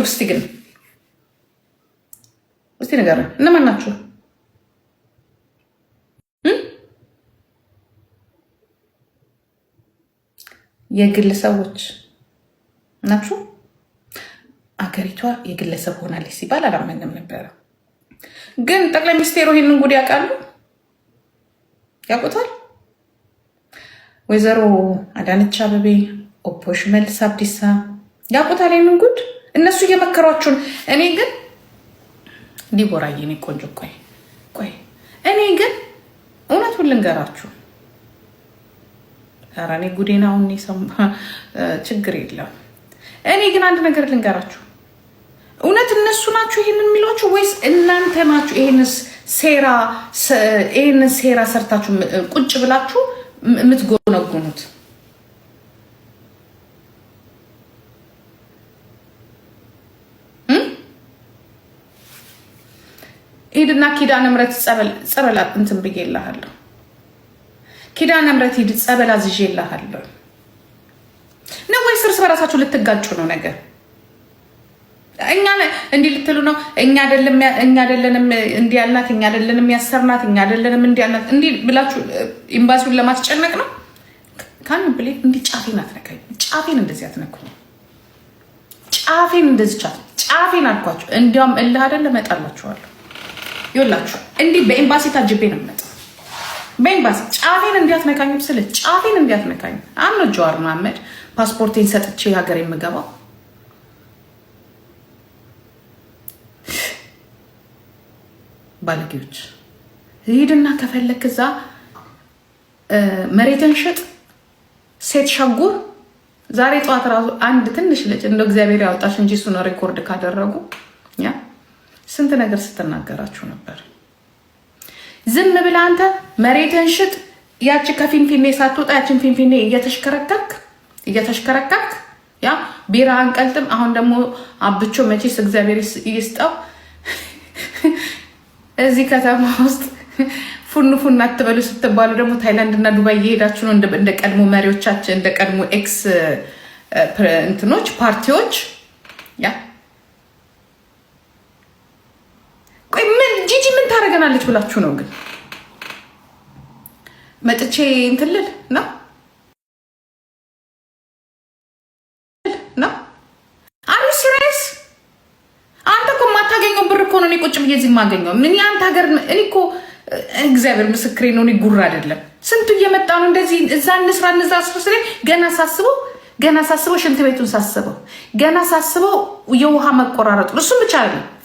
ናችሁ? እስቲ ግን እስቲ ንገረን፣ እነማን ናችሁ? የግል ሰዎች ናችሁ? አገሪቷ የግለሰብ ሆናለች ሲባል አላመንም ነበረ። ግን ጠቅላይ ሚኒስቴሩ ይህንን ጉድ ያውቃሉ? ያውቁታል? ወይዘሮ አዳነች አበቤ፣ ኦፖሽ መልስ አብዲሳ ያውቁታል ይህንን ጉድ? እነሱ እየመከሯችሁን፣ እኔ ግን ዲቦራዬ፣ እኔ ቆንጆ፣ ቆይ ቆይ፣ እኔ ግን እውነቱን ልንገራችሁ። ኧረ እኔ ጉዴን አሁን ችግር የለም። እኔ ግን አንድ ነገር ልንገራችሁ። እውነት እነሱ ናችሁ ይሄንን የሚሏችሁ ወይስ እናንተ ናችሁ? ይሄንን ሴራ ሰርታችሁ ቁጭ ብላችሁ የምትጎነጉኑት? ሂድና ኪዳነ ምሕረት ጸበል እንትን ብዬልሃለሁ። ኪዳነ ምሕረት ሂድ ጸበል አዝዤልሃለሁ። ነው ወይስ እርስ በራሳችሁ ልትጋጩ ነው? ነገር እኛ እንዲህ ልትሉ ነው? እኛ አይደለንም እንዲህ ያልናት፣ እኛ አይደለንም ያሰርናት፣ እኛ አይደለንም እንዲህ ያልናት፣ እንዲህ ብላችሁ ኤምባሲውን ለማስጨነቅ ነው። ካን ብሌ እንዲህ ጫፌን አትነካኝ። ጫፌን እንደዚህ አትነኩኝ። ጫፌን እንደዚህ ጫፌን አልኳቸው። እንዲያውም እልህ አይደለ እመጣላችኋለሁ ይወላችሁ እንዲህ በኤምባሲ ታጅቤ ነው መጣ በኤምባሲ ጫፌን እንዲያትነካኝ ስለ ጫፌን እንዲያትነካኝ አምኖ ጀዋር መሐመድ ፓስፖርቴን ሰጥቼ ሀገር የምገባው ባልጌዎች ሂድና ከፈለክ እዛ መሬትን ሽጥ፣ ሴት ሸጉር። ዛሬ ጠዋት ራሱ አንድ ትንሽ ልጅ እንደ እግዚአብሔር ያወጣሽ እንጂ ነው ሬኮርድ ካደረጉ ያ ስንት ነገር ስትናገራችሁ ነበር። ዝም ብለህ አንተ መሬትን ሽጥ፣ ያቺ ከፊንፊኔ ሳትወጣ ያችን ፊንፊኔ እየተሽከረከርክ እየተሽከረከርክ ያ ቢራ አንቀልጥም። አሁን ደግሞ አብቾ መቼስ እግዚአብሔር ይስጠው እዚህ ከተማ ውስጥ ፉን ፉን አትበሉ ስትባሉ ደግሞ ታይላንድ እና ዱባይ እየሄዳችሁ ነው እንደ ቀድሞ መሪዎቻችን እንደ ቀድሞ ኤክስ እንትኖች ፓርቲዎች ታደርገናለች ብላችሁ ነው ግን መጥቼ እንትልል ልል ነው ሲሪየስ አንተ እኮ የማታገኘው ብር እኮ ነው። እኔ ቁጭ ብዬ እዚህ የማገኘው ምን የአንተ ሀገር እኔ እኮ እግዚአብሔር ምስክሬ ነው። እኔ ጉራ አይደለም ስንቱ እየመጣ ነው እንደዚህ እዛ እንስራ እንዛ ስስ ገና ሳስበው ገና ሳስበው ሽንት ቤቱን ሳስበው ገና ሳስበው የውሃ መቆራረጡ እሱም ብቻ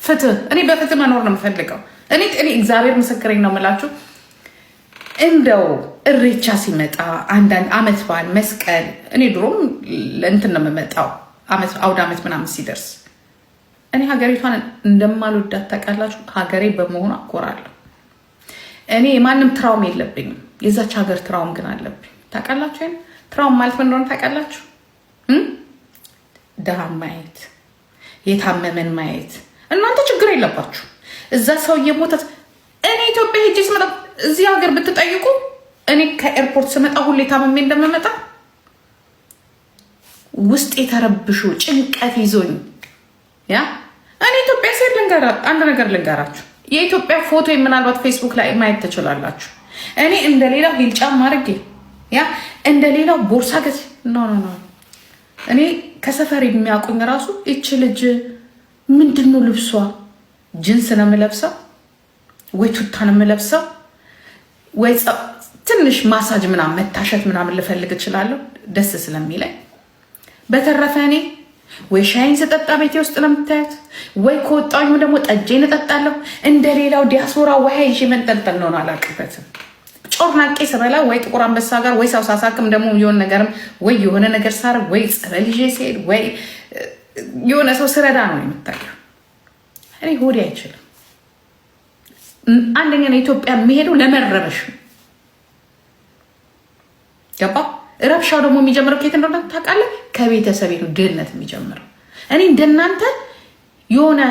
ፍትህ እኔ በፍትህ መኖር ነው የምፈልገው። እኔ እኔ እግዚአብሔር ምስክሬን ነው የምላችሁ። እንደው እሬቻ ሲመጣ አንዳንድ አመት በዓል መስቀል፣ እኔ ድሮም እንትን ነው የምመጣው አውድ አመት ምናምን ሲደርስ እኔ ሀገሪቷን እንደማልወዳት ታውቃላችሁ። ሀገሬ በመሆኑ አኮራለሁ። እኔ የማንም ትራውም የለብኝም። የዛች ሀገር ትራውም ግን አለብኝ። ታውቃላችሁ፣ ትራውም ማለት ምን እንደሆነ ታውቃላችሁ? ድሃም ማየት፣ የታመመን ማየት። እናንተ ችግር የለባችሁ እዛ ሰው እየሞተ እኔ ኢትዮጵያ ሄጄ ስመጣ እዚህ ሀገር ብትጠይቁ እኔ ከኤርፖርት ስመጣ ሁሌ ታመሜ እንደምመጣ ውስጥ የተረብሾ ጭንቀት ይዞኝ ያ እኔ ኢትዮጵያ ስሄድ አንድ ነገር ልንገራችሁ። የኢትዮጵያ ፎቶ ምናልባት ፌስቡክ ላይ ማየት ትችላላችሁ። እኔ እንደሌላው ሂል ጫማ አድርጌ ያ እንደሌላው ቦርሳ ገዝ ኖ ኖ እኔ ከሰፈር የሚያውቁኝ ራሱ ይች ልጅ ምንድን ነው ልብሷ ጅንስ ነው የምለብሰው ወይ ቱታ ነው የምለብሰው ወይ ትንሽ ማሳጅ ምናምን መታሸት ምናምን ልፈልግ እችላለሁ ደስ ስለሚለኝ። በተረፈ እኔ ወይ ሻይን ስጠጣ ቤቴ ውስጥ ነው የምታዩት፣ ወይ ከወጣሁም ደግሞ ጠጄ እጠጣለሁ። እንደ ሌላው ዲያስፖራ ውሃ ይዤ መንጠልጠል ነው አላውቅበትም። ጮርናቄ ስበላ ወይ ጥቁር አንበሳ ጋር ወይ ሰው ሳሳክም ደግሞ የሆነ ነገርም ወይ የሆነ ነገር ሳር ወይ ጸበል ይዤ ሲሄድ ወይ የሆነ ሰው ስረዳ ነው የምታየው። እኔ ሆዴ አይችልም። አንደኛ ኢትዮጵያ የሚሄደው ለመረበሽ ገባ? ረብሻው ደግሞ የሚጀምረው ከየት እንደሆነ ታውቃለህ? ከቤተሰቤ ነው ድህነት የሚጀምረው። እኔ እንደናንተ የሆነ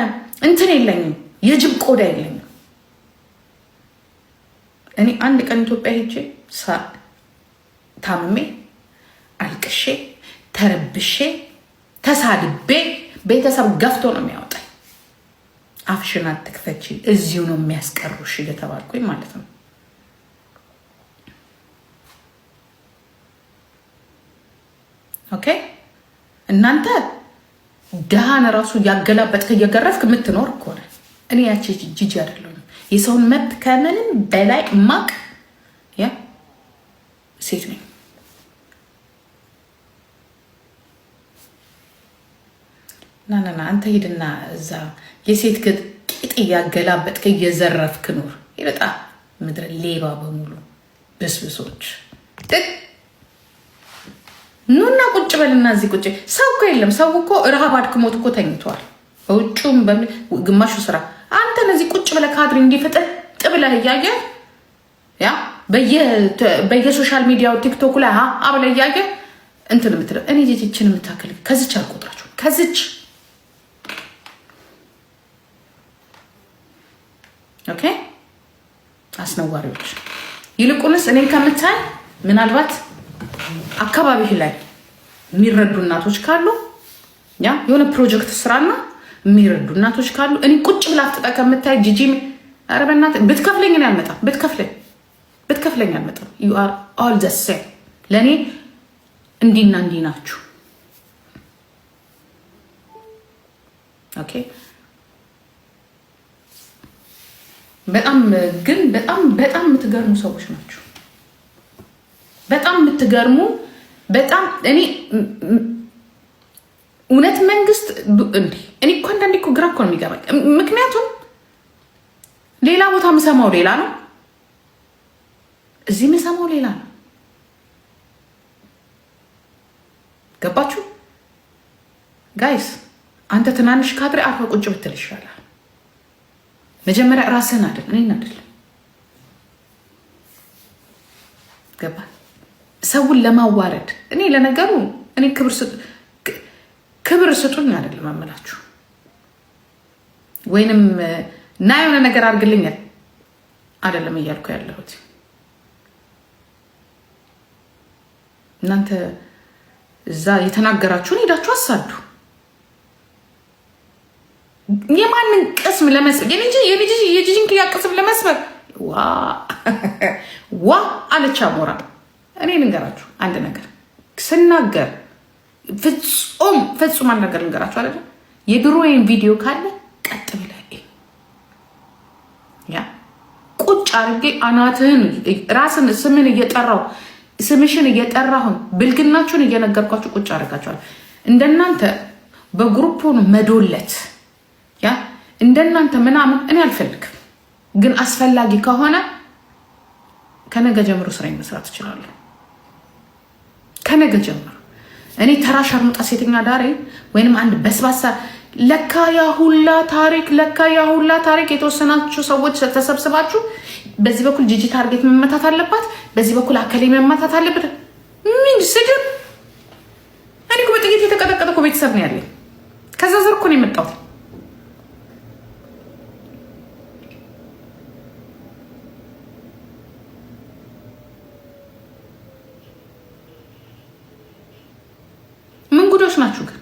እንትን የለኝም፣ የጅብ ቆዳ የለኝም። እኔ አንድ ቀን ኢትዮጵያ ሄጄ ታምሜ አልቅሼ ተረብሼ ተሳድቤ ቤተሰብ ገፍቶ ነው የሚያወጣኝ። አፍሽን አትክፈቺ፣ እዚሁ ነው የሚያስቀሩሽ እየተባልኩኝ ማለት ነው። ኦኬ እናንተ ድሃን ራሱ ያገላበጥክ እየገረፍክ የምትኖር ከሆነ እኔ ያቺ ጂጂ አይደለሁም። የሰውን መብት ከምንም በላይ ማቅ ናናና አንተ ሄድና እዛ የሴት ቂጥ እያገላበጥክ እየዘረፍክ ኖር። ይበጣ ምድረ ሌባ በሙሉ ብስብሶች። ኑና ቁጭ በልና እዚህ ቁጭ። ሰው እኮ የለም። ሰው እኮ ረሃብ አድክሞት እኮ ተኝተዋል። በውጭም ግማሹ ስራ አንተ እነዚህ ቁጭ ብለህ ካድሬ እንዲፈጠጥ ብለህ እያየ ያ በየሶሻል ሚዲያው ቲክቶክ ላይ አብለ እያየ እንትን የምትለው እኔ ዜችችን የምታክል ከዚች አልቆጥራቸው ከዚች ኦኬ አስነዋሪዎች። ይልቁንስ እኔን ከምታይ ምናልባት አካባቢህ ላይ የሚረዱ እናቶች ካሉ ያ የሆነ ፕሮጀክት ስራና የሚረዱ እናቶች ካሉ እኔ ቁጭ ብላ አፍጥጣ ከምታይ ጂጂ ኧረ በእናትህ ብትከፍለኝ እኔ አልመጣም። ብትከፍለኝ ብትከፍለኝ አልመጣም። ዩ አር ኦል ዘ ሴም ለእኔ እንዲና እንዲህ ናችሁ። ኦኬ በጣም ግን በጣም በጣም የምትገርሙ ሰዎች ናቸው። በጣም የምትገርሙ በጣም እኔ እውነት መንግስት እንዲህ እኔ እኮ አንዳንዴ እኮ ግራ እኮ ነው የሚገባኝ። ምክንያቱም ሌላ ቦታ የምሰማው ሌላ ነው፣ እዚህ የምሰማው ሌላ ነው። ገባችሁ ጋይስ? አንተ ትናንሽ ካድሬ አርፈ ቁጭ ብትል ይሻላል። መጀመሪያ ራስህን አይደል እኔን አይደል ገባ ሰውን ለማዋረድ እኔ ለነገሩ እኔ ክብር ስጡኝ አይደለም አመላችሁ ወይንም እና የሆነ ነገር አድርግልኝ አይደለም እያልኩ ያለሁት እናንተ እዛ የተናገራችሁን ሄዳችሁ አሳዱ የማንን ቅስም ለመስበር የልጅን ክያ ቅስም ለመስበር ዋ ዋ አለች አሞራ። እኔ ልንገራችሁ አንድ ነገር ስናገር ፍጹም ፍጹም አንድ ነገር ልንገራችሁ አለ የድሮ ወይም ቪዲዮ ካለ ቀጥ ብለ ያ ቁጭ አድርጌ አናትህን ራስን ስምን እየጠራው ስምሽን እየጠራሁን ብልግናችሁን እየነገርኳችሁ ቁጭ አድርጋችኋል። እንደናንተ በግሩፕ መዶለት ያ እንደናንተ ምናምን እኔ አልፈልግም፣ ግን አስፈላጊ ከሆነ ከነገ ጀምሮ ስራ መስራት እችላለሁ። ከነገ ጀምሮ እኔ ተራ ሸርሙጣ ሴተኛ ዳሬ ወይንም አንድ በስባሳ ለካ ያሁላ ታሪክ ለካ ያሁላ ታሪክ የተወሰናችሁ ሰዎች ተሰብስባችሁ በዚህ በኩል ጂጂ ታርጌት መመታት አለባት፣ በዚህ በኩል አከሌ መመታት አለበት። ምን ስድብ! እኔ እኮ በጥይት የተቀጠቀጠ እኮ ቤተሰብ ነው ያለኝ። ከዛ ዘር እኮ ነው የመጣሁት። ሌሎች ናችሁ ግን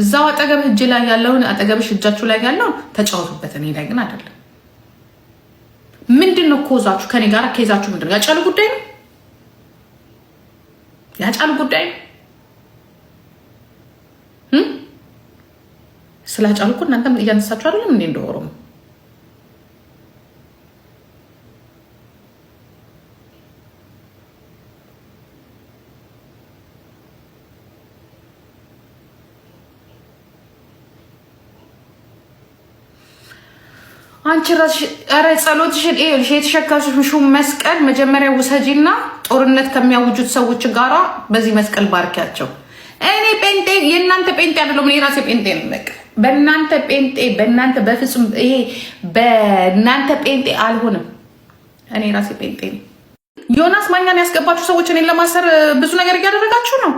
እዛው አጠገብ እጅ ላይ ያለውን አጠገብሽ እጃችሁ ላይ ያለውን ተጫወቱበት። እኔ ላይ ግን አይደለም። ምንድን ነው ኮዛችሁ? ከኔ ጋር ከይዛችሁ ምንድን ነው? ያጫሉ ጉዳይ ነው ያጫሉ ጉዳይ ነው። ስላጫሉ እኮ እናንተም እያነሳችሁ አይደለም እንዴ እንደ ኦሮሞ አንቺ ራስሽ ኧረ ጸሎትሽን ይኸውልሽ፣ የተሸከምሽው መስቀል መጀመሪያ ውሰጂና ጦርነት ከሚያውጁት ሰዎች ጋራ በዚህ መስቀል ባርኪያቸው። እኔ ጴንጤ የእናንተ ጴንጤ አይደለሁም። እኔ ራሴ ጴንጤ ነው። በቃ በእናንተ ጴንጤ በእናንተ በፍጹም ይሄ በእናንተ ጴንጤ አልሆንም። እኔ ራሴ ጴንጤ ነው። ዮናስ ማኛን ያስገባችሁ ሰዎች እኔን ለማሰር ብዙ ነገር እያደረጋችሁ ነው።